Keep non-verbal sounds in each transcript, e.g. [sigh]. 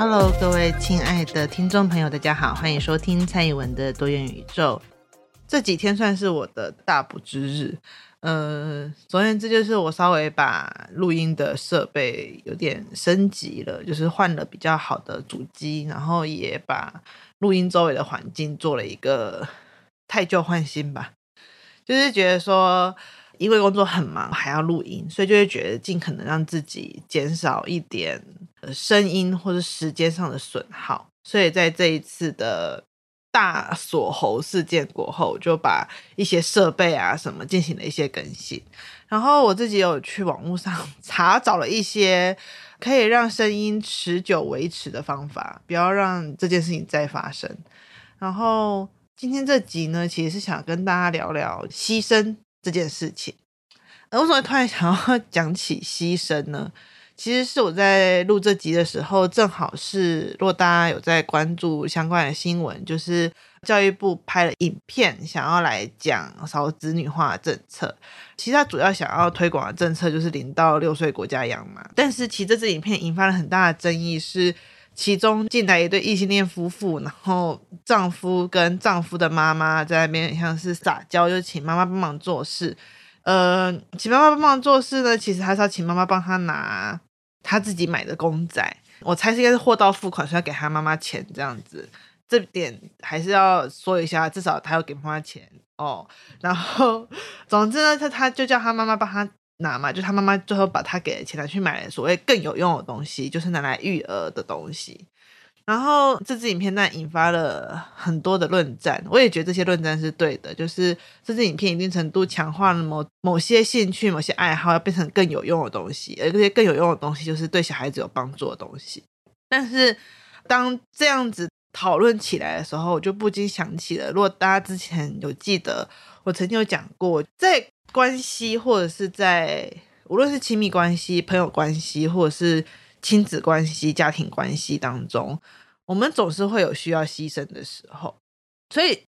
Hello，各位親愛的聽眾朋友，大家好，歡迎收聽蔡宜文的多元宇宙。這幾天算是我的大補之日。呃，總而言之就是我稍微把錄音的設備有點升級了，就是換了比較好的主機，然後也把錄音周圍的環境做了一個汰舊換新吧。就是覺得說，因為工作很忙，還要錄音，所以就會覺得儘可能讓自己減少一點。呃，聲音或是時間上的損耗，所以在這一次的大鎖喉事件過後，我就把一些設備啊什麼進行了一些更新。然後我自己有去網絡上查找了一些可以讓聲音持久維持的方法，不要讓這件事情再發生。然後今天這集呢，其實是想跟大家聊聊犧牲這件事情。為什麼突然想要講起犧牲呢？其實是我在錄這集的時候，正好是若大家有在關注相關的新聞，就是教育部拍了影片，想要來講少子女化政策。其實他主要想要推廣的政策就是零到六歲國家養嘛。但是其實這影片引發了很大的爭議是，是其中進來一對異性戀夫婦，然後丈夫跟丈夫的媽媽在那邊像是撒嬌，就是、請媽媽幫忙做事。呃，請媽媽幫忙做事呢，其實還是要請媽媽幫他拿。他自己買的公仔，我猜是應該是貨到付款，所以要給他媽媽錢這樣子。這點還是要說一下，至少他要給媽媽錢哦。然後，總之呢，他他就叫他媽媽幫他拿嘛，就他媽媽最後把他給的錢拿去買了所謂更有用的東西，就是拿來育兒的東西。然後這支影片呢，引發了很多的論戰。我也覺得這些論戰是對的，就是這支影片一定程度強化了某某些興趣、某些愛好要變成更有用的東西，而這些更有用的東西就是對小孩子有幫助的東西。但是當這樣子討論起來的時候，我就不禁想起了，如果大家之前有記得，我曾經有講過，在關係或者是在無論是親密關係、朋友關係，或者是親子關係、家庭關係當中。我們總是會有需要犧牲的時候，所以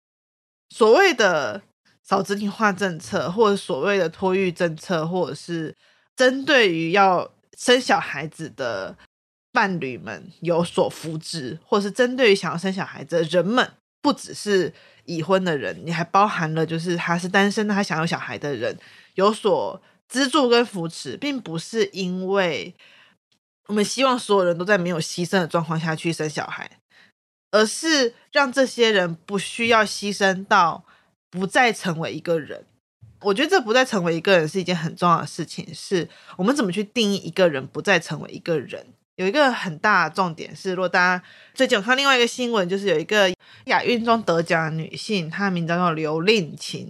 所謂的少子女化政策，或者所謂的托育政策，或者是針對於要生小孩子的伴侶們有所扶持，或者是針對於想要生小孩子的人們，不只是已婚的人，你還包含了就是他是單身的，他想要小孩的人有所資助跟扶持，並不是因為。我們希望所有人都在沒有犧牲的狀況下去生小孩，而是讓這些人不需要犧牲到不再成為一個人。我覺得這不再成為一個人是一件很重要的事情，是我們怎麼去定義一個人不再成為一個人。有一個很大的重點是，如果大家，最近我看另外一個新聞，就是有一個亞運中得獎的女性，她的名字叫劉令琴，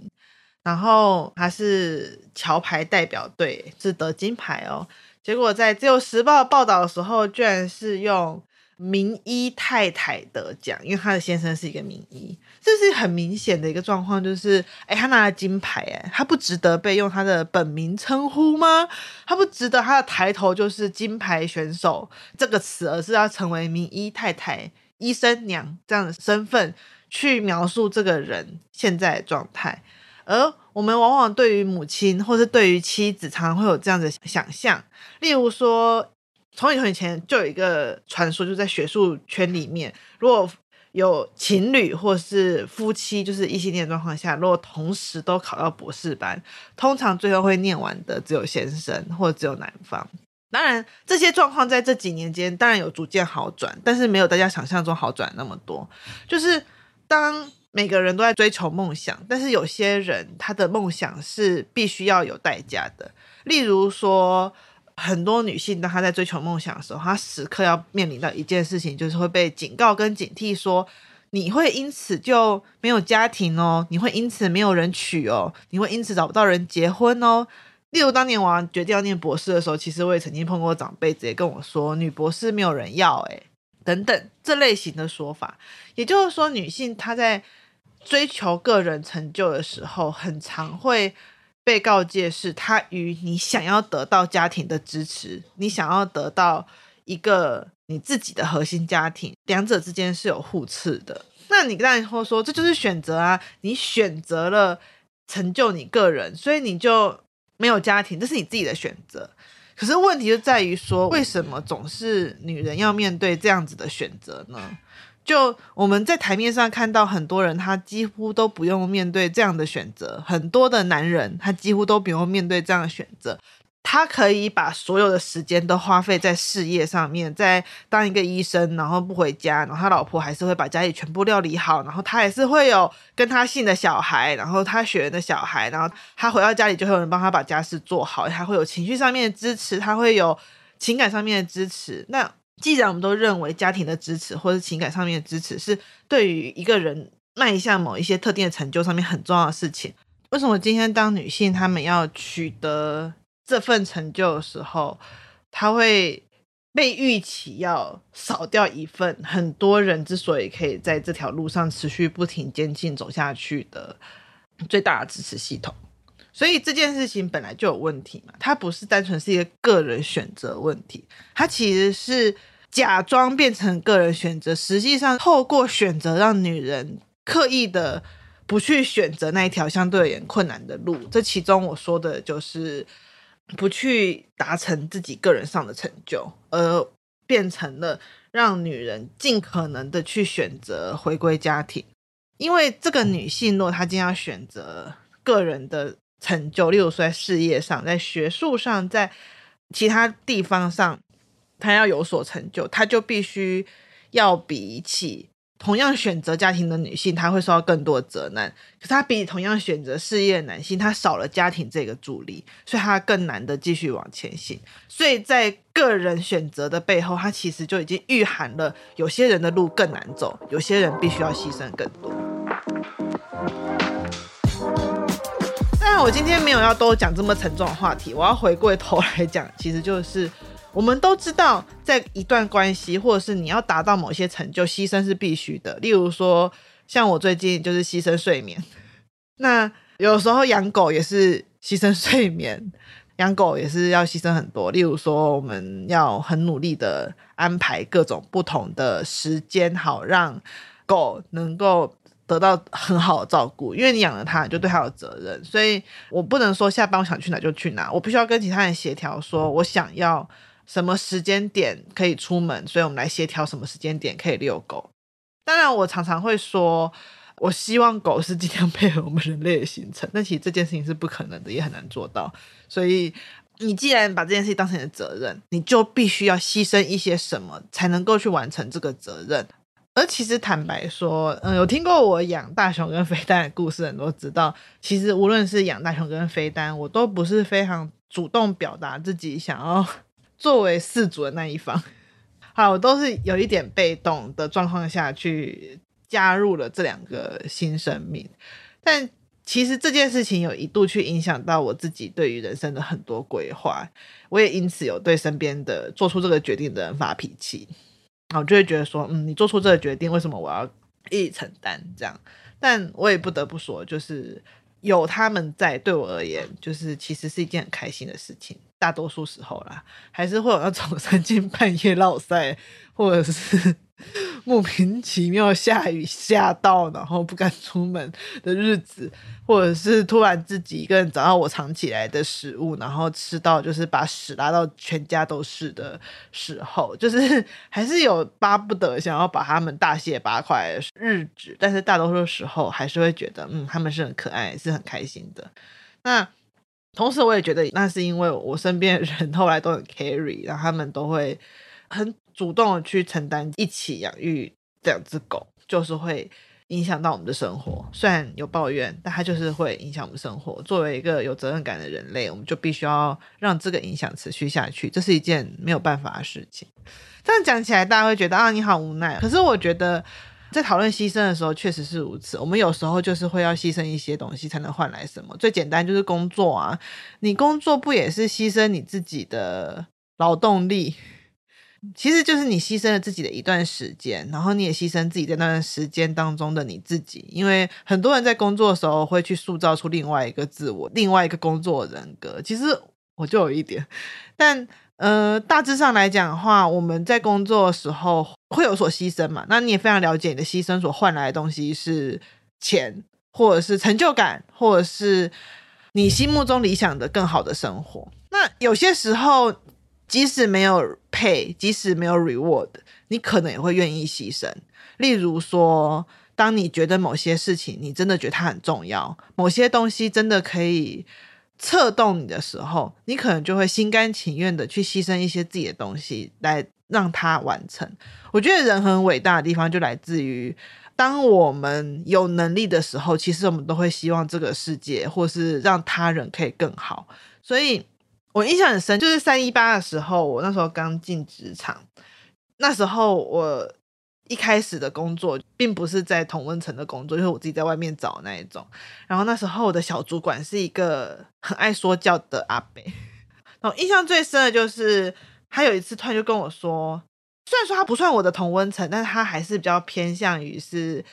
然後她是橋牌代表隊，是得金牌哦。結果在《自由時報》報道的時候，居然是用“名醫太太”得獎，因為他的先生是一個名醫，這是很明顯的一個狀況，就是哎，他拿了金牌，哎，他不值得被用他的本名稱呼嗎？他不值得他的抬頭就是“金牌選手”這個詞，而是要成為“名醫太太”、“醫生娘”這樣的身份去描述這個人現在的狀態，而。我們往往對於母親或是對於妻子，常常會有這樣的想象。例如說，從以前就有一個傳說，就在學術圈裡面，如果有情侶或是夫妻，就是異性戀狀況下，如果同時都考到博士班，通常最後會念完的只有先生或者只有男方。當然，這些狀況在這幾年間，當然有逐漸好轉，但是沒有大家想象中好轉那麼多。就是當。每個人都在追求夢想，但是有些人他的夢想是必須要有代價的。例如說，很多女性當她在追求夢想的時候，她時刻要面臨到一件事情，就是會被警告跟警惕說，你會因此就沒有家庭哦，你會因此沒有人娶哦，你會因此找不到人結婚哦。例如當年我決定要念博士的時候，其實我也曾經碰過長輩直接跟我說，女博士沒有人要哎、欸。等等，這類型的說法，也就是說，女性她在追求個人成就的時候，很常會被告誡，是她與你想要得到家庭的支持，你想要得到一個你自己的核心家庭，兩者之間是有互斥的。那你剛才說，這就是選擇啊，你選擇了成就你個人，所以你就沒有家庭，這是你自己的選擇。可是問題就在於說，為什麼總是女人要面對這樣子的選擇呢？就我們在台面上看到很多人，他幾乎都不用面對這樣的選擇；很多的男人，他幾乎都不用面對這樣的選擇。他可以把所有的時間都花費在事業上面，在當一個醫生，然後不回家，然後他老婆還是會把家裡全部料理好，然後他也是會有跟他姓的小孩，然後他血緣的小孩，然後他回到家裡就會有人幫他把家事做好，他會有情緒上面的支持，他會有情感上面的支持。那既然我們都認為家庭的支持或是情感上面的支持是對於一個人邁向某一些特定的成就上面很重要的事情，為什麼今天當女性她們要取得這份成就的時候，他會被預期要少掉一份。很多人之所以可以在這條路上持續不停前進走下去的最大的支持系統，所以這件事情本來就有問題嘛。它不是單純是一個個人選擇問題，它其實是假裝變成個人選擇，實際上透過選擇讓女人刻意的不去選擇那一條相對而言困難的路。這其中我說的就是。不去達成自己個人上的成就，而變成了讓女人盡可能的去選擇回歸家庭。因為這個女性，若她既然要選擇個人的成就，例如說在事業上、在學術上、在其他地方上，她要有所成就，她就必須要比起。同樣選擇家庭的女性，她會受到更多的責難。可是她比同樣選擇事業的男性，她少了家庭這個助力，所以她更難的繼續往前行。所以在個人選擇的背後，它其實就已經蘊含了：有些人的路更難走，有些人必須要犧牲更多。當然，我今天沒有要多講這麼沉重的話題。我要回過頭來講，其實就是。我們都知道，在一段關係，或者是你要達到某些成就，犧牲是必須的。例如說，像我最近就是犧牲睡眠。那有時候養狗也是犧牲睡眠，養狗也是要犧牲很多。例如說，我們要很努力的安排各種不同的時間，好讓狗能夠得到很好的照顧。因為你養了它，你就對它有責任，所以我不能說下班我想去哪就去哪，我必須要跟其他人協調，說我想要。什麼時間點可以出門？所以我們來協調什麼時間點可以遛狗。當然，我常常會說，我希望狗是盡量配合我們人類的行程，但其實這件事情是不可能的，也很難做到。所以，你既然把這件事情當成你的責任，你就必須要犧牲一些什麼，才能夠去完成這個責任。而其實，坦白說，嗯，有聽過我養大熊跟飛單的故事，很多人都知道，其實無論是養大熊跟飛單，我都不是非常主動表達自己想要。作為手足的那一方，好，我都是有一點被動的狀況下去加入了這兩個新生命，但其實這件事情有一度去影響到我自己對於人生的很多規劃，我也因此有對身邊的做出這個決定的人發脾氣，我就會覺得說，嗯，你做出這個決定，為什麼我要一起承擔？這樣，但我也不得不說，就是有他們在，對我而言，就是其實是一件很開心的事情。大多數時候啦，還是會有那種三更半夜落賽，或者是莫名其妙下雨下到然後不敢出門的日子，或者是突然自己一個人找到我藏起來的食物，然後吃到就是把屎拉到全家都是的時候，就是還是有巴不得想要把他們大卸八塊的日子，但是大多數時候還是會覺得，嗯，他們是很可愛，是很開心的。那。同時，我也覺得那是因為我身邊的人後來都很 carry，然後他們都會很主動地去承擔，一起養育兩只狗，就是會影響到我們的生活。雖然有抱怨，但它就是會影響我們生活。作為一個有責任感的人類，我們就必須要讓這個影響持續下去，這是一件沒有辦法的事情。這樣講起來，大家會覺得啊，你好無奈。可是我覺得。在討論犧牲的時候，確實是如此。我們有時候就是會要犧牲一些東西才能換來什麼。最簡單就是工作啊，你工作不也是犧牲你自己的勞動力？其實就是你犧牲了自己的一段時間，然後你也犧牲自己在那段時間當中的你自己。因為很多人在工作的時候會去塑造出另外一個自我，另外一個工作人格。其實我就有一點，但。呃，大致上來講的話，我們在工作的時候會有所犧牲嘛。那你也非常了解你的犧牲所換來的東西是錢，或者是成就感，或者是你心目中理想的更好的生活。那有些時候，即使沒有 pay，即使沒有 reward，你可能也會願意犧牲。例如說，當你覺得某些事情，你真的覺得它很重要，某些東西真的可以。策動你的時候，你可能就會心甘情願的去犧牲一些自己的東西來讓它完成。我覺得人很偉大的地方就來自於，當我們有能力的時候，其實我們都會希望這個世界或是讓他人可以更好。所以，我印象很深，就是三一八的時候，我那時候剛進職場，那時候我。一開始的工作並不是在同溫層的工作，因為我自己在外面找那一種。然後那時候我的小主管是一個很愛說教的阿北。然後印象最深的就是他有一次突然就跟我說，雖然說他不算我的同溫層，但是他還是比較偏向於是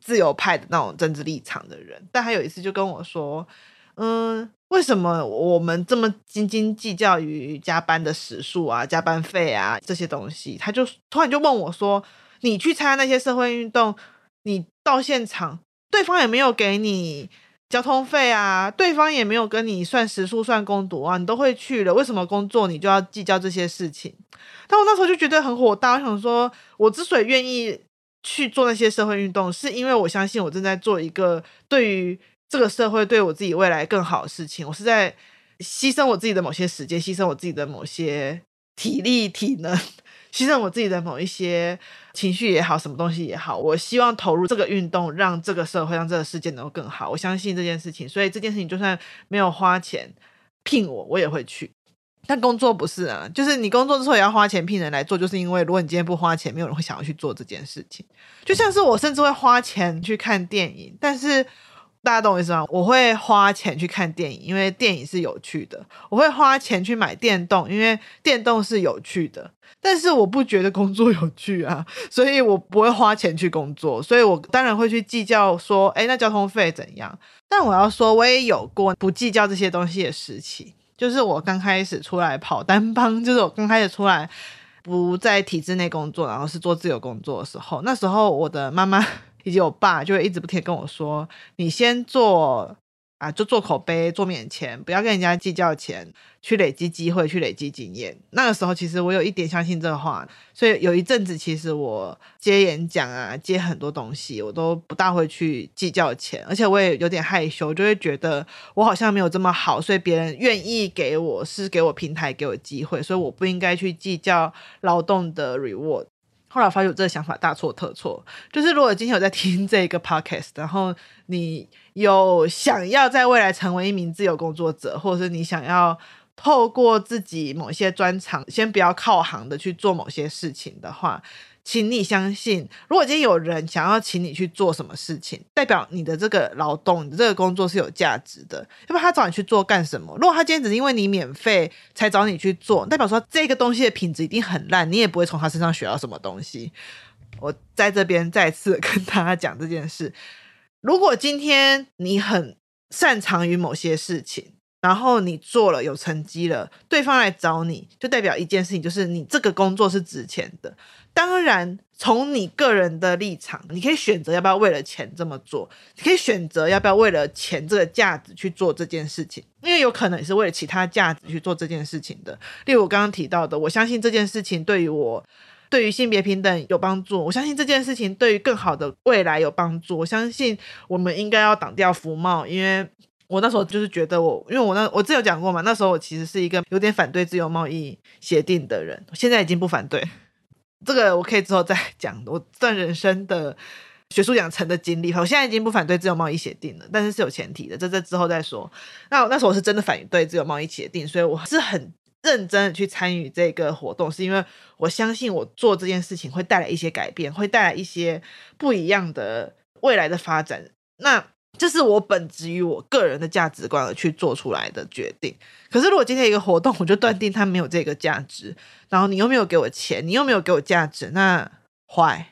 自由派的那種政治立場的人。但還有一次就跟我說，嗯，為什麼我們這麼斤斤計較於加班的時數啊、加班費啊這些東西？他就突然就問我說。你去參加那些社會運動，你到現場，對方也沒有給你交通費啊，對方也沒有跟你算時數、算工讀啊，你都會去了，為什麼工作你就要計較這些事情？但我那時候就覺得很火大，我想說，我之所以願意去做那些社會運動，是因為我相信我正在做一個對於這個社會、對我自己未來更好的事情，我是在犧牲我自己的某些時間，犧牲我自己的某些體力、體能。犧牲我自己的某一些情緒也好，什麼東西也好，我希望投入這個運動，讓這個社會，讓這個世界能夠更好。我相信這件事情，所以這件事情就算沒有花錢聘我，我也會去。但工作不是啊，就是你工作之後也要花錢聘人來做，就是因為如果你今天不花錢，沒有人會想要去做這件事情。就像是我，甚至會花錢去看電影，但是大家懂我意思嗎？我會花錢去看電影，因為電影是有趣的；我會花錢去買電動，因為電動是有趣的。但是我不覺得工作有趣啊，所以我不會花錢去工作，所以我當然會去計較說，誒，那交通費怎樣？但我要說，我也有過不計較這些東西的時期，就是我剛開始出來跑單幫，就是我剛開始出來不在體制內工作，然後是做自由工作的時候，那時候我的媽媽以及我爸就會一直不停跟我說，你先做。啊，就做口碑，做免錢，不要跟人家計較錢，去累積機會，去累積經驗。那個時候，其實我有一點相信這個話，所以有一陣子，其實我接演講啊，接很多東西，我都不大會去計較錢，而且我也有點害羞，就會覺得我好像沒有這麼好，所以別人願意給我是給我平台，給我機會，所以我不應該去計較勞動的 reward。後來我發現有這個想法大錯特錯，就是如果今天我在聽這個 podcast，然後你有想要在未來成為一名自由工作者，或者是你想要透過自己某些專長，先不要靠行的去做某些事情的話。請你相信，如果今天有人想要請你去做什麼事情，代表你的這個勞動、你的這個工作是有價值的。要不然他找你去做幹什麼？如果他今天只是因為你免費才找你去做，代表說這個東西的品質一定很爛，你也不會從他身上學到什麼東西。我在這邊再次跟大家講這件事：如果今天你很擅長於某些事情，然後你做了有成績了，對方來找你，就代表一件事情，就是你這個工作是值錢的。當然，從你個人的立場，你可以選擇要不要為了錢這麼做，你可以選擇要不要為了錢這個價值去做這件事情，因為有可能也是為了其他價值去做這件事情的。例如我剛剛提到的，我相信這件事情對於我，對於性別平等有幫助，我相信這件事情對於更好的未來有幫助，我相信我們應該要擋掉服貿，因為我那時候就是覺得我，因為我那我之前有講過嘛，那時候我其實是一個有點反對自由貿易協定的人，我現在已經不反對。這個我可以之後再講。我這段人生的學術養成的經歷，我現在已經不反對自由貿易協定了，但是是有前提的，這這之後再說。那那時候我是真的反對自由貿易協定，所以我是很認真的去參與這個活動，是因為我相信我做這件事情會帶來一些改變，會帶來一些不一樣的未來的發展。那。這是我本質於我個人的價值觀而去做出來的決定。可是，如果今天一個活動，我就斷定它沒有這個價值，然後你又沒有給我錢，你又沒有給我價值，那壞，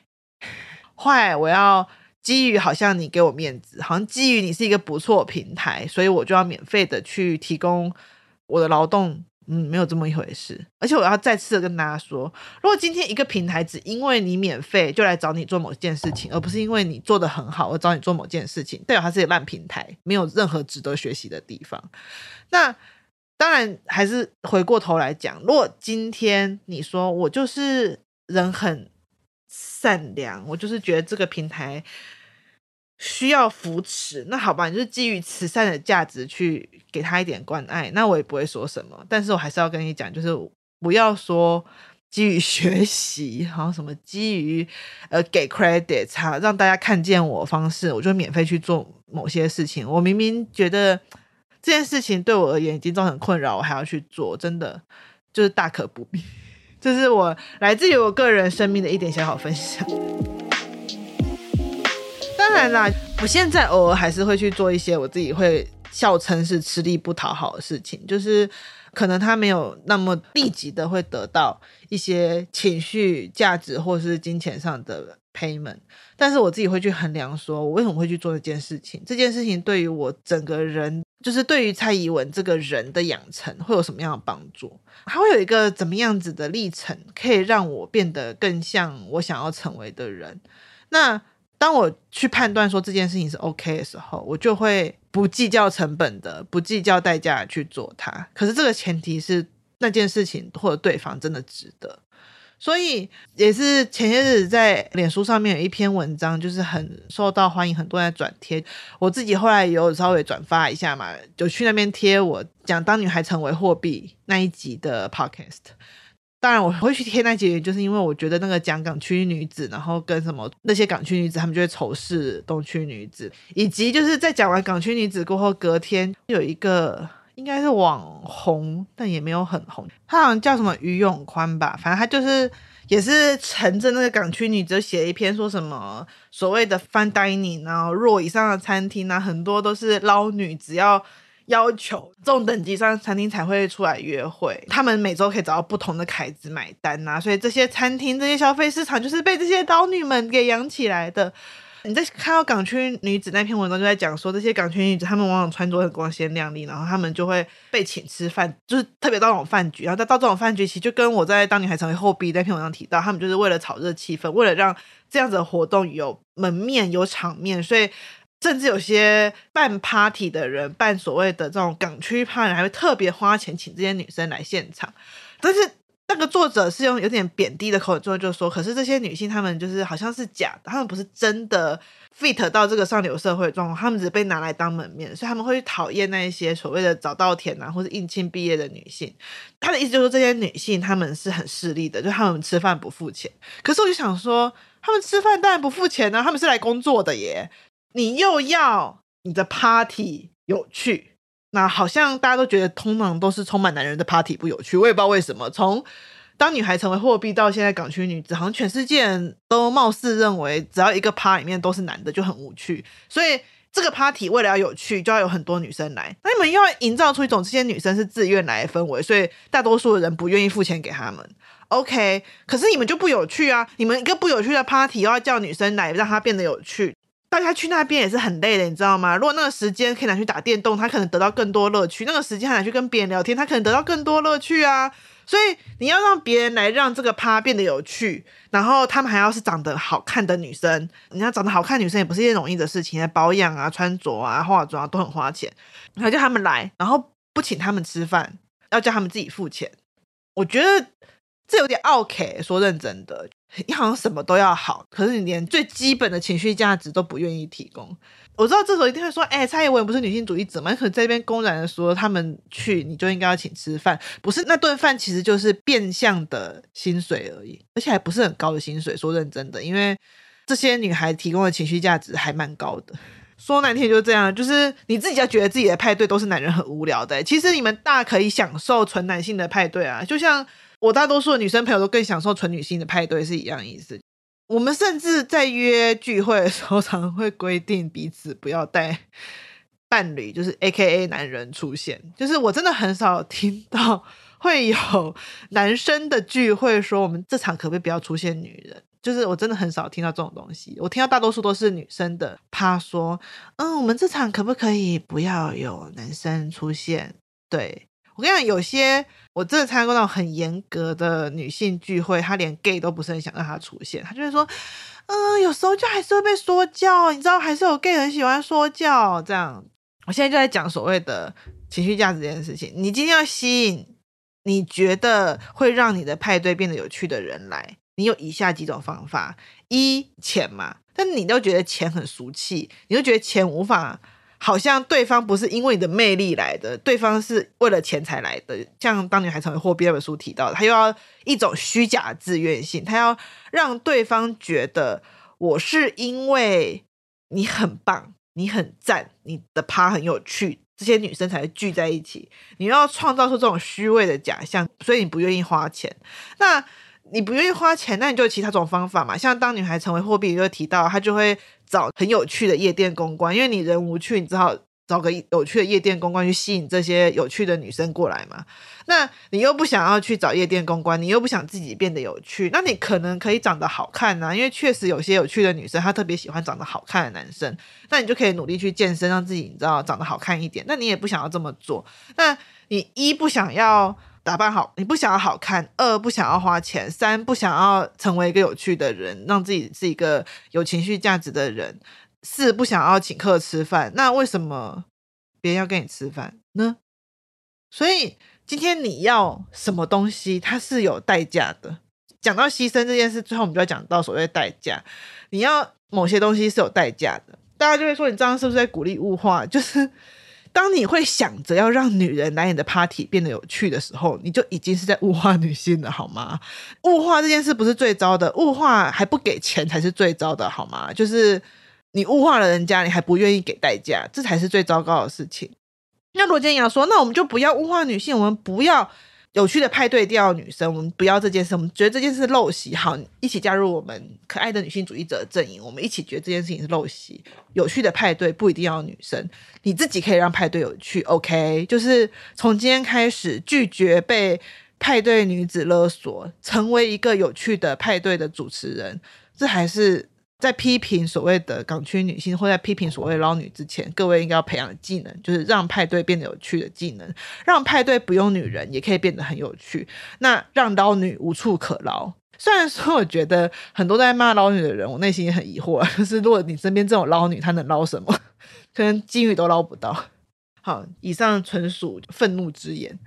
壞！我要基於好像你給我面子，好像基於你是一個不錯的平台，所以我就要免費的去提供我的勞動。嗯，沒有這麼一回事。而且我要再次的跟大家說，如果今天一個平台只因為你免費就來找你做某件事情，而不是因為你做得很好而找你做某件事情，代表它是一個爛平台，沒有任何值得學習的地方。那當然還是回過頭來講，如果今天你說我就是人很善良，我就是覺得這個平台。需要扶持，那好吧，你就是基於慈善的價值去給他一點關愛，那我也不會說什麼。但是我還是要跟你講，就是不要說基於學習，然後什麼基於呃給 credit 啊，讓大家看見我方式，我就免費去做某些事情。我明明覺得這件事情對我而言已經造成困擾，我還要去做，真的就是大可不必。這 [laughs] 是我來自於我個人生命的一點小小分享。當然啦，我現在偶爾還是會去做一些我自己會笑稱是吃力不討好的事情，就是可能他沒有那麼立即的會得到一些情緒價值或是金錢上的 payment，但是我自己會去衡量說，我為什麼會去做這件事情？這件事情對於我整個人，就是對於蔡宜文這個人的養成，會有什麼樣的幫助？他會有一個怎麼樣子的歷程，可以讓我變得更像我想要成為的人。那。當我去判斷說，這件事情是 OK 的時候，我就會不計較成本的、不計較代價去做它。可是這個前提是那件事情或者對方真的值得。所以也是前些日子在臉書上面有一篇文章，就是很受到歡迎，很多人在轉貼。我自己後來有稍微轉發一下嘛，就去那邊貼我講當女孩成為貨幣那一集的 Podcast。當然我會去貼那幾篇，就是因為我覺得那個講港區女子，然後跟什麼那些港區女子，他們就會仇視東區女子，以及就是在講完港區女子過後，隔天有一個應該是網紅，但也沒有很紅，他好像叫什麼余永寬吧，反正他就是也是乘着那個港區女子寫一篇說什麼所謂的 fine dining 啊，若以上的餐廳啊，很多都是撈女，只要。要求這種等級上餐廳才會出來約會，他們每周可以找到不同的凱子買單吶、啊，所以這些餐廳這些消費市場就是被這些刀女們給養起來的。你在看到港區女子那篇文章，就在講說這些港區女子，她們往往穿着很光鮮亮麗，然後她們就會被請吃飯，就是特別到那種飯局，然後再到這種飯局，其實就跟我在當女孩成為後 B 那篇文章提到，他們就是為了炒熱氣氛，為了讓這樣子的活動有門面有場面，所以。甚至有些辦 party 的人，辦所謂的這種港區 party 還會特別花錢請這些女生來現場。但是那個作者是用有點貶低的口吻，最後就是說：“可是這些女性，她們就是好像是假的，她們不是真的 fit 到這個上流社會中，她們只是被拿來當門面，所以他們會去討厭那一些所謂的早稻田啊或者應慶畢業的女性。”他的意思就是說這些女性她們是很勢利的，就她們吃飯不付錢。可是我就想說，她們吃飯當然不付錢呢、啊，他們是來工作的耶。你又要你的 party 有趣，那好像大家都覺得通常都是充滿男人的 party 不有趣。我也不知道為什麼。從當女孩成為貨幣到現在，港區女子好像全世界都貌似認為，只要一個趴裡面都是男的就很無趣。所以這個 party 為了要有趣，就要有很多女生來。那你們又要營造出一種這些女生是自願來的氛圍，所以大多數的人不願意付錢給他們。OK，可是你們就不有趣啊！你們一個不有趣的 party 又要叫女生來，讓她變得有趣。他去那邊也是很累的，你知道嗎？如果那個時間可以拿去打電動，他可能得到更多樂趣；那個時間還拿去跟別人聊天，他可能得到更多樂趣啊。所以你要讓別人來讓這個趴變得有趣，然後他們還要是長得好看的女生。你要長得好看的女生也不是一件容易的事情，保養啊、穿着啊、化妝啊都很花錢。然後叫他們來，然後不請他們吃飯，要叫他們自己付錢。我覺得這有點奧客，說認真的。你好像什麼都要好，可是你連最基本的情緒價值都不願意提供。我知道這時候一定會說：“哎、欸，蔡宜文不是女性主義者嗎？可能在這邊公然的說他們去你就應該要請吃飯，不是那頓飯其實就是變相的薪水而已，而且還不是很高的薪水。說認真的，因為這些女孩提供的情緒價值還蠻高的。說難聽就這樣，就是你自己要覺得自己的派對都是男人很無聊的、欸，其實你們大可以享受純男性的派對啊，就像。”我大多數的女生朋友都更享受純女性的派對，是一樣意思。我們甚至在約聚會的時候，常常會規定彼此不要帶伴侶，就是 AKA 男人出現。就是我真的很少聽到會有男生的聚會說：“我們這場可不可以不要出現女人？”就是我真的很少聽到這種東西。我聽到大多數都是女生的，她說：“嗯，我們這場可不可以不要有男生出現？”對。我跟你講，有些我真的參加過那種很嚴格的女性聚會，她連 gay 都不是很想讓她出現。她就是說，嗯、呃，有時候就還是會被說教，你知道，還是有 gay 很喜歡說教這樣。我現在就在講所謂的情緒價值這件事情。你今天要吸引你覺得會讓你的派對變得有趣的人來，你有以下幾種方法：一、錢嘛，但你都覺得錢很俗氣，你就覺得錢無法。好像對方不是因為你的魅力來的，對方是為了錢才來的。像《當女孩成為貨幣》那本書提到的，他又要一種虛假自願性，他要讓對方覺得我是因為你很棒，你很讚，你的趴很有趣，這些女生才聚在一起。你要創造出這種虛偽的假象，所以你不願意花錢。那你不願意花錢，那你就其他種方法嘛。像《當女孩成為貨幣》就提到，他就會。找很有趣的夜店公關，因為你人無趣，你只好找個有趣的夜店公關去吸引這些有趣的女生過來嘛。那你又不想要去找夜店公關，你又不想自己變得有趣，那你可能可以長得好看呢，啊？因為確實有些有趣的女生她特別喜歡長得好看的男生，那你就可以努力去健身，讓自己你知道長得好看一點。那你也不想要這麼做，那你一不想要，打扮好，你不想要好看；二不想要花錢；三不想要成為一個有趣的人，讓自己是一個有情緒價值的人；四不想要請客吃飯。那為什麼別人要跟你吃飯呢？所以今天你要什麼東西，它是有代價的。講到犧牲這件事，最後我們就要講到所謂代價。你要某些東西是有代價的，大家就會說：“你這樣是不是在鼓勵物化？”就是。當你會想着要讓女人來你的 party 變得有趣的時候，你就已經是在物化女性了，好嗎？物化這件事不是最糟的，物化還不給錢才是最糟的，好嗎？就是你物化了人家，你還不願意給代價，這才是最糟糕的事情。那羅建陽說：“那我們就不要物化女性，我們不要。”有趣的派對一定要女生，我們不要這件事，我們覺得這件事陋習。好，一起加入我們可愛的女性主義者的陣營，我們一起覺得這件事情是陋習。有趣的派對不一定要有女生，你自己可以讓派對有趣。OK，就是從今天開始拒絕被派對女子勒索，成為一個有趣的派對的主持人。這還是。在批評所謂的港區女性，或在批評所謂撈女之前，各位應該要培養的技能，就是讓派對變得有趣的技能，讓派對不用女人也可以變得很有趣，那讓撈女無處可撈。雖然說，我覺得很多在罵撈女的人，我內心也很疑惑，就是如果你身邊這種撈女，她能撈什麼？可能金魚都撈不到。好，以上純屬憤怒之言，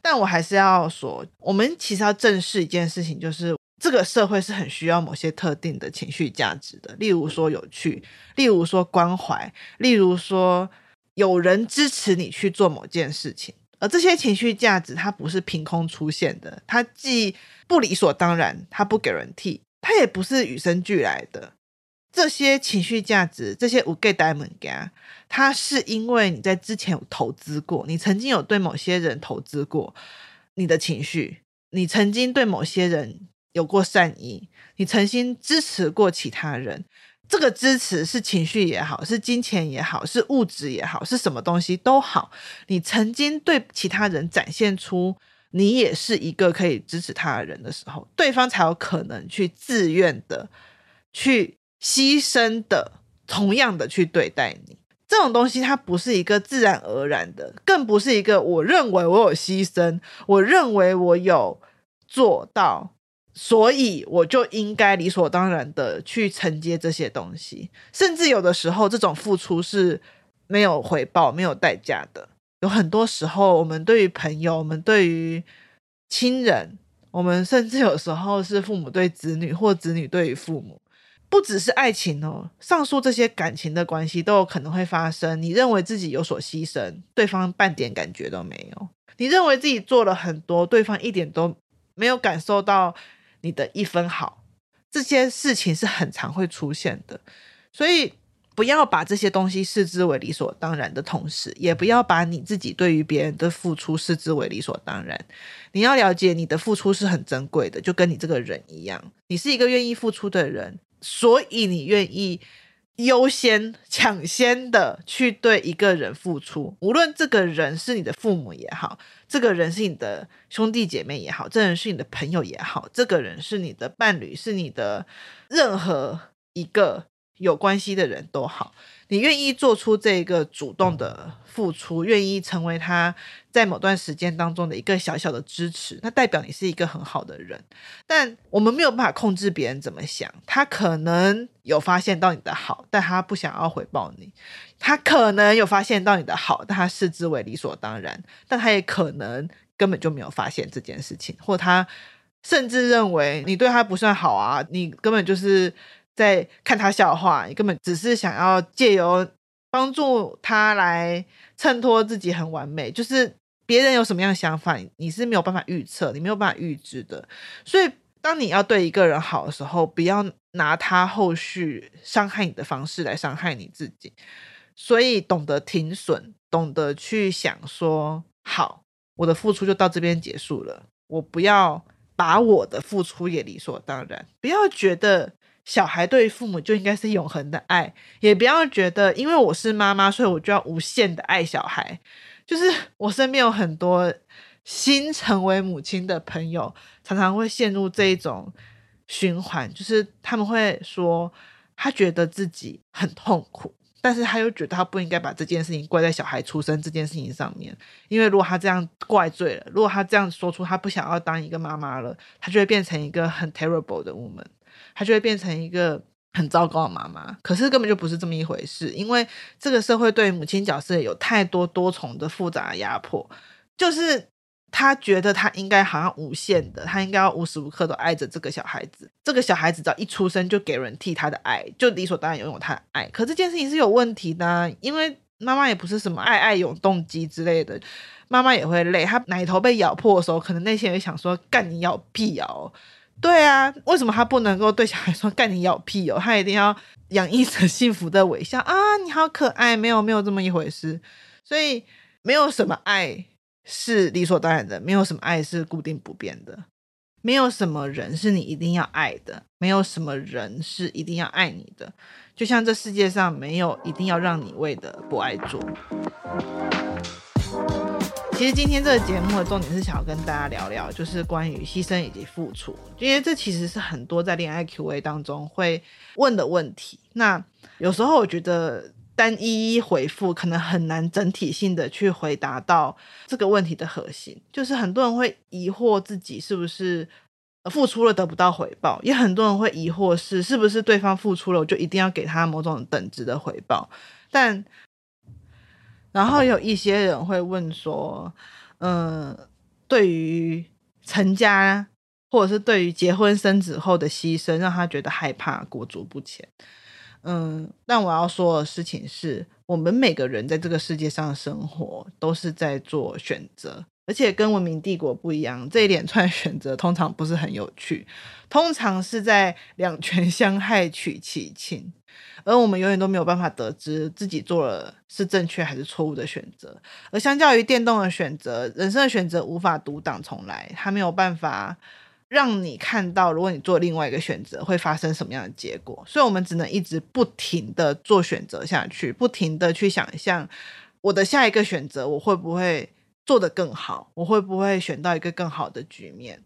但我還是要說，我們其實要正視一件事情，就是。這個社會是很需要某些特定的情緒價值的，例如說有趣，例如說關懷，例如說有人支持你去做某件事情。而這些情緒價值，它不是憑空出現的，它既不理所當然，它不 guarantee，它也不是與生俱來的。這些情緒價值，這些五 G d i a 它是因為你在之前有投資過，你曾經有對某些人投資過你的情緒，你曾經對某些人。有過善意，你曾經支持過其他人，這個支持是情緒也好，是金錢也好，是物質也好，是什麼東西都好，你曾經對其他人展現出你也是一個可以支持他的人的時候，對方才有可能去自願的去犧牲的，同樣的去對待你。這種東西它不是一個自然而然的，更不是一個我認為我有犧牲，我認為我有做到。所以我就應該理所當然的去承接這些東西，甚至有的時候這種付出是沒有回報、沒有代價的。有很多時候，我們對於朋友，我們對於親人，我們甚至有時候是父母對子女，或子女對於父母，不只是愛情哦，上述這些感情的關係都有可能會發生。你認為自己有所犧牲，對方半點感覺都沒有；你認為自己做了很多，對方一點都沒有感受到。你的一分好，這些事情是很常會出現的，所以不要把這些東西視之為理所當然的，同時也不要把你自己對於別人的付出視之為理所當然。你要了解，你的付出是很珍貴的，就跟你這個人一樣，你是一個願意付出的人，所以你願意。優先搶先的去對一個人付出，無論這個人是你的父母也好，這個人是你的兄弟姐妹也好，這個人是你的朋友也好，這個人是你的伴侶，是你的任何一個有關係的人都好，你願意做出這個主動的付出，願意成為他在某段時間當中的一個小小的支持，那代表你是一個很好的人。但我們沒有辦法控制別人怎麼想，他可能有發現到你的好，但他不想要回報你；他可能有發現到你的好，但他視之為理所當然；但他也可能根本就沒有發現這件事情，或他甚至認為你對他不算好啊，你根本就是。在看他笑話，你根本只是想要借由幫助他來襯托自己很完美。就是別人有什麼樣的想法，你是沒有辦法預測，你沒有辦法預知的。所以，當你要對一個人好的時候，不要拿他後續傷害你的方式來傷害你自己。所以，懂得停損，懂得去想說好，我的付出就到這邊結束了。我不要把我的付出也理所當然，不要覺得。小孩對於父母就應該是永恆的愛，也不要覺得因為我是媽媽，所以我就要無限的愛小孩。就是我身邊有很多新成為母親的朋友，常常會陷入這一種循環，就是他們會說他覺得自己很痛苦，但是他又覺得他不應該把這件事情怪在小孩出生這件事情上面，因為如果他這樣怪罪了，如果他這樣說出他不想要當一個媽媽了，他就會變成一個很 terrible 的 woman。她就會變成一個很糟糕的媽媽，可是根本就不是這麼一回事，因為這個社會對母親角色有太多多重的複雜壓迫，就是她覺得她應該好像無限的，她應該要無時無刻都愛着這個小孩子，這個小孩子只要一出生就給人替他的愛，就理所當然擁有他的愛。可是這件事情是有問題的啊，因為媽媽也不是什麼愛愛永動機之類的，媽媽也會累，她奶頭被咬破的時候，可能內心也想說幹你咬屁咬。對啊，為什麼他不能夠對小孩說幹你要屁哦？他一定要洋溢着幸福的微笑啊！你好可愛，沒有沒有這麼一回事。所以沒有什麼愛是理所當然的，沒有什麼愛是固定不變的，沒有什麼人是你一定要愛的，沒有什麼人是一定要愛你的。就像這世界上沒有一定要讓你為的不愛做。其實今天這個節目的重點是想要跟大家聊聊，就是關於犧牲以及付出，因為這其實是很多在戀愛 QA 當中會問的問題。那有時候我覺得單一一回復可能很難整體性的去回答到這個問題的核心，就是很多人會疑惑自己是不是付出了得不到回報，也很多人會疑惑是是不是對方付出了我就一定要給他某種等值的回報，但。然後有一些人會問說，嗯，對於成家或者是對於結婚生子後的犧牲，讓他覺得害怕、裹足不前。嗯，但我要說的事情是，我們每個人在這個世界上生活，都是在做選擇。而且跟文明帝國不一樣，這一連串選擇通常不是很有趣，通常是在兩權相害取其輕，而我們永遠都沒有辦法得知自己做了是正確還是錯誤的選擇。而相較於電動的選擇，人生的選擇無法讀檔重來，它沒有辦法讓你看到，如果你做另外一個選擇會發生什麼樣的結果。所以我們只能一直不停的做選擇下去，不停的去想象我的下一個選擇我會不會。做得更好，我會不會選到一個更好的局面？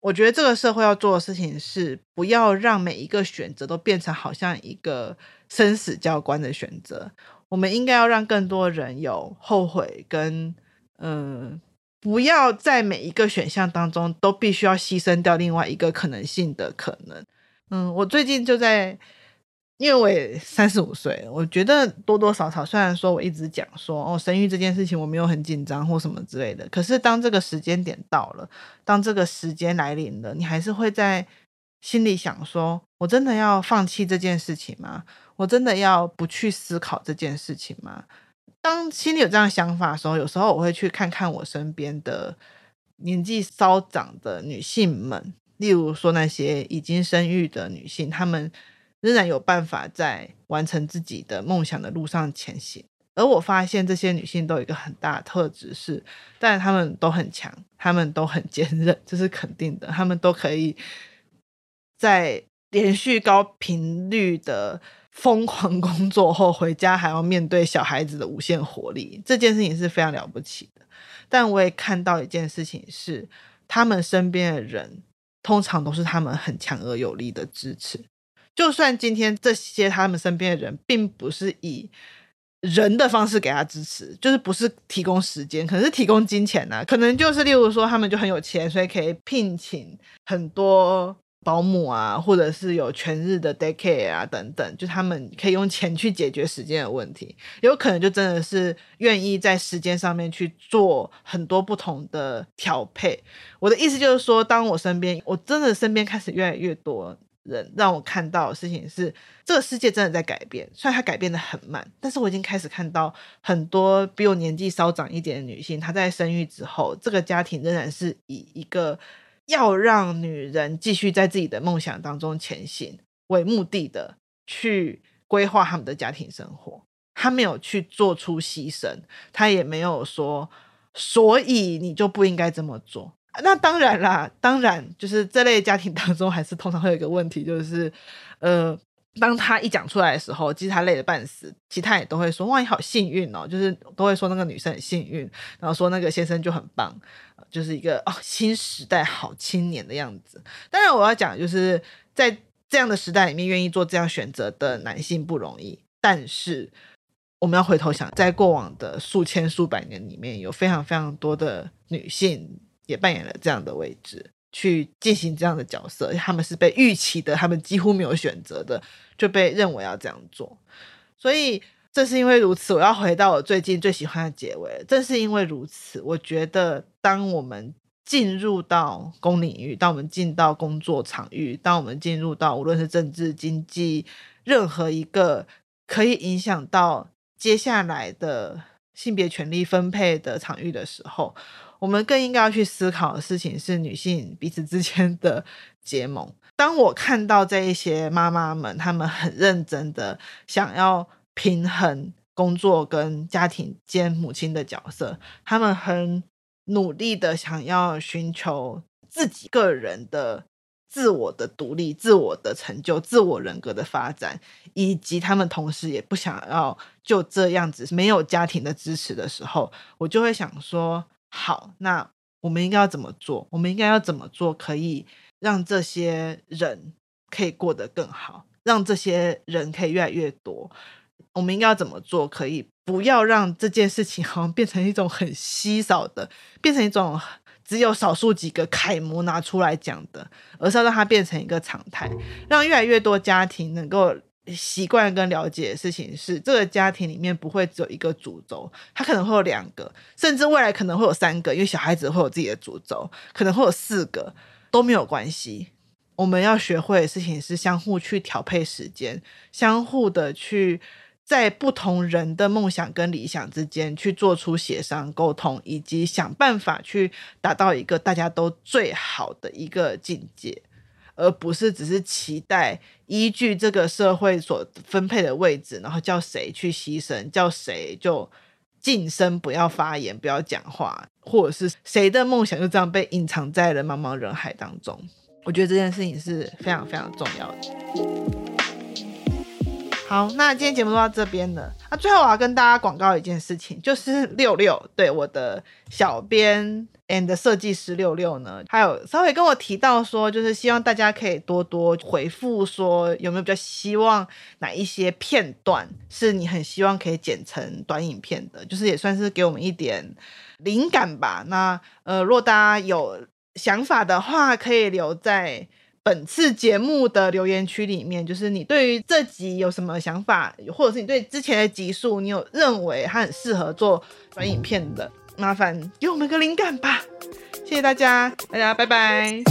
我覺得這個社會要做的事情是，不要讓每一個選擇都變成好像一個生死交關的選擇。我們應該要讓更多人有後悔跟嗯、呃，不要在每一個選項當中都必須要犧牲掉另外一個可能性的可能。嗯，我最近就在。因為我也三十五歲，我覺得多多少少，雖然說我一直講說哦，生育這件事情我沒有很緊張或什麼之類的，可是當這個時間點到了，當這個時間來臨了，你還是會在心裡想說：我真的要放棄這件事情嗎？我真的要不去思考這件事情嗎？當心裡有這樣想法的時候，有時候我會去看看我身邊的年紀稍長的女性們，例如說那些已經生育的女性，她們。仍然有辦法在完成自己的夢想的路上前行。而我發現這些女性都有一個很大的特質是，但是她們都很強，她們都很堅韌，這是肯定的。她們都可以在連續高頻率的瘋狂工作後，回家還要面對小孩子的無限活力，這件事情是非常了不起的。但我也看到一件事情是，她們身邊的人通常都是她們很強而有力的支持。就算今天這些他們身邊的人，並不是以人的方式給他支持，就是不是提供時間，可能是提供金錢啊，可能就是例如說他們就很有錢，所以可以聘請很多保姆啊，或者是有全日的 daycare 啊、等等，就他們可以用錢去解決時間的問題。有可能就真的是願意在時間上面去做很多不同的調配。我的意思就是說，當我身邊，我真的身邊開始越來越多。人讓我看到的事情是，這個世界真的在改變。雖然它改變的很慢，但是我已經開始看到很多比我年紀稍長一點的女性，她在生育之後，這個家庭仍然是以一個要讓女人繼續在自己的夢想當中前行為目的的去規劃她們的家庭生活。她沒有去做出犧牲，她也沒有說，所以你就不應該這麼做。那當然啦，當然就是這類家庭當中，還是通常會有一個問題，就是，呃，當他一講出來的時候，即使他累得半死，其他也都會說：“哇，你好幸運哦！”就是都會說那個女生很幸運，然後說那個先生就很棒，就是一個哦新時代好青年的樣子。當然，我要講就是在這樣的時代裡面，願意做這樣選擇的男性不容易。但是，我們要回頭想，在過往的數千數百年裡面，有非常非常多的女性。也扮演了這樣的位置，去進行這樣的角色。他們是被預期的，他們幾乎沒有選擇的，就被認為要這樣做。所以，正是因為如此，我要回到我最近最喜歡的結尾。正是因為如此，我覺得當我們進入到公領域，當我們進到工作場域，當我們進入到無論是政治、經濟任何一個可以影響到接下來的性別權力分配的場域的時候。我們更應該要去思考的事情是女性彼此之間的結盟。當我看到這一些媽媽們，她們很認真的想要平衡工作跟家庭兼母親的角色，她們很努力的想要尋求自己個人的自我的獨立、自我的成就、自我人格的發展，以及她們同時也不想要就這樣子沒有家庭的支持的時候，我就會想說。好，那我們應該要怎麼做？我們應該要怎麼做可以讓這些人可以過得更好，讓這些人可以越來越多？我們應該要怎麼做可以不要讓這件事情好像變成一種很稀少的，變成一種只有少數幾個楷模拿出來講的，而是要讓它變成一個常態，讓越來越多家庭能夠。習慣跟了解的事情是，這個家庭裡面不會只有一個主軸，它可能會有兩個，甚至未來可能會有三個，因為小孩子會有自己的主軸，可能會有四個，都沒有關係。我們要學會的事情是相互去調配時間，相互的去在不同人的夢想跟理想之間去做出協商、溝通，以及想辦法去達到一個大家都最好的一個境界。而不是只是期待依據這個社會所分配的位置，然後叫誰去犧牲，叫誰就噤聲，不要發言，不要講話，或者是誰的夢想就這樣被隱藏在了茫茫人海當中。我覺得這件事情是非常非常重要的。好，那今天節目就到這邊了。那、啊、最後我要跟大家廣告一件事情，就是六六，對，我的小編 and 的設計師六六呢，還有稍微跟我提到說，就是希望大家可以多多回復，說有沒有比較希望哪一些片段是你很希望可以剪成短影片的，就是也算是給我們一點靈感吧。那呃，若大家有想法的話，可以留在。本次節目的留言區裡面，就是你對於這集有什麼想法，或者是你對之前的集數，你有認為它很適合做短影片的，麻煩給我們個靈感吧！謝謝大家，大家拜拜。